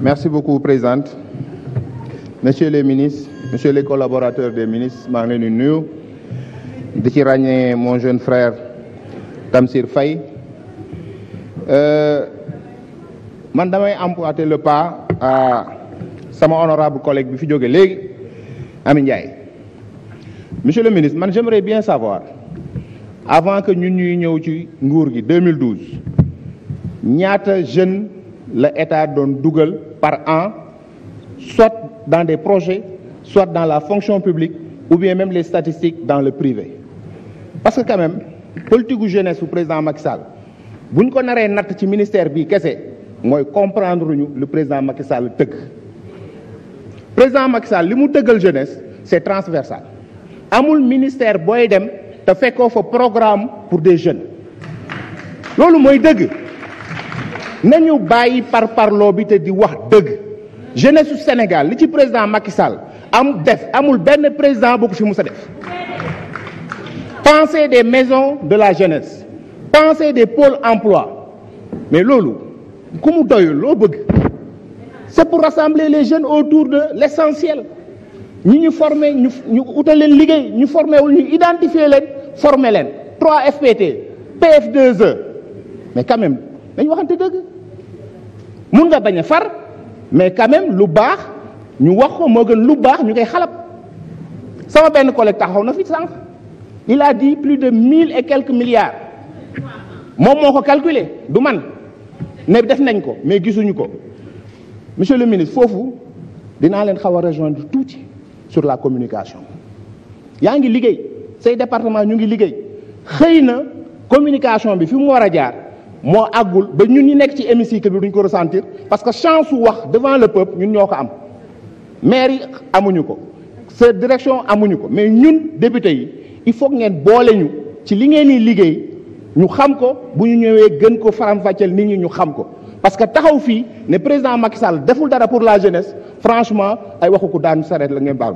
merci beaucoup présidente monsieur les ministres monsieur les collaborateurs des ministres maa ngi leen di nuyu di ci ràññee mon jeune frère Tamsir Faye euh, man damay emprunter le pas à sama honorable collègue bi fi jóge léegi Ami Ndiaye monsieur le ministre man j'aimerais bien savoir avant que ñun ñuy ñëw ci nguur gi 2012 ñaata jeune la état doon dugal par an soit dans des projets soit dans la fonction publique ou bien même les statistiques dans le privé parce que quand même politique gu jeunesse su président Macky bu ñu ko naree natt ci ministère bi kese mooy comprendre ñu le président Macky tëgg président Macky li mu tëggal jeunesse c'est transversal amul ministère booy dem te fekkoo fa programme pour des jeunes loolu mooy dëgg nañu bàyyi par parloo bi te di wax dëgg jeunesse Sénégal li ci président Macky am def amul benn président bu ko fi mus a def penser des maisons de la jeunesse penser des pôles emploi mais loolu ku mu doyul loo bëgg c'est pour rassembler les jeunes autour de l'essentiel ñi ñu former ñu ñu utal leen liggéey ñu former wul ñu identifier leen former leen 3 FPT PF2E mais quand même dañu waxante dëgg mun nga bañ a far mais quand lu baax ñu wax ko moo gën lu baax ñu koy xalab sama benn collègue taxaw na fi sànq il a dit plus de mille et quelques milliards moom moo ko calculé du man ne def nañ ko mais gisuñu ko monsieur le ministre foofu dinaa leen xaw a rejoindre tuuti sur la communication yaa ngi liggéey say département ñu ngi liggéey xëy na communication bi fi mu war a jaar moo àggul ba ñun ñi nekk ci hémicycle bi duñ ko ressentir parce que chance su wax devant le peuple ñun ñoo ko am maire yi amuñu ko sa direction amuñu ko mais ñun député yi il faut ngeen boole ñu ci li ngeen di liggéey ñu xam ko bu ñu ñëwee gën ko faram-fàcceel nit ñi ñu xam ko parce que taxaw fii ne président Macky Sall deful dara pour la jeunesse franchement ay waxu ko daanu sareet la ngeen baal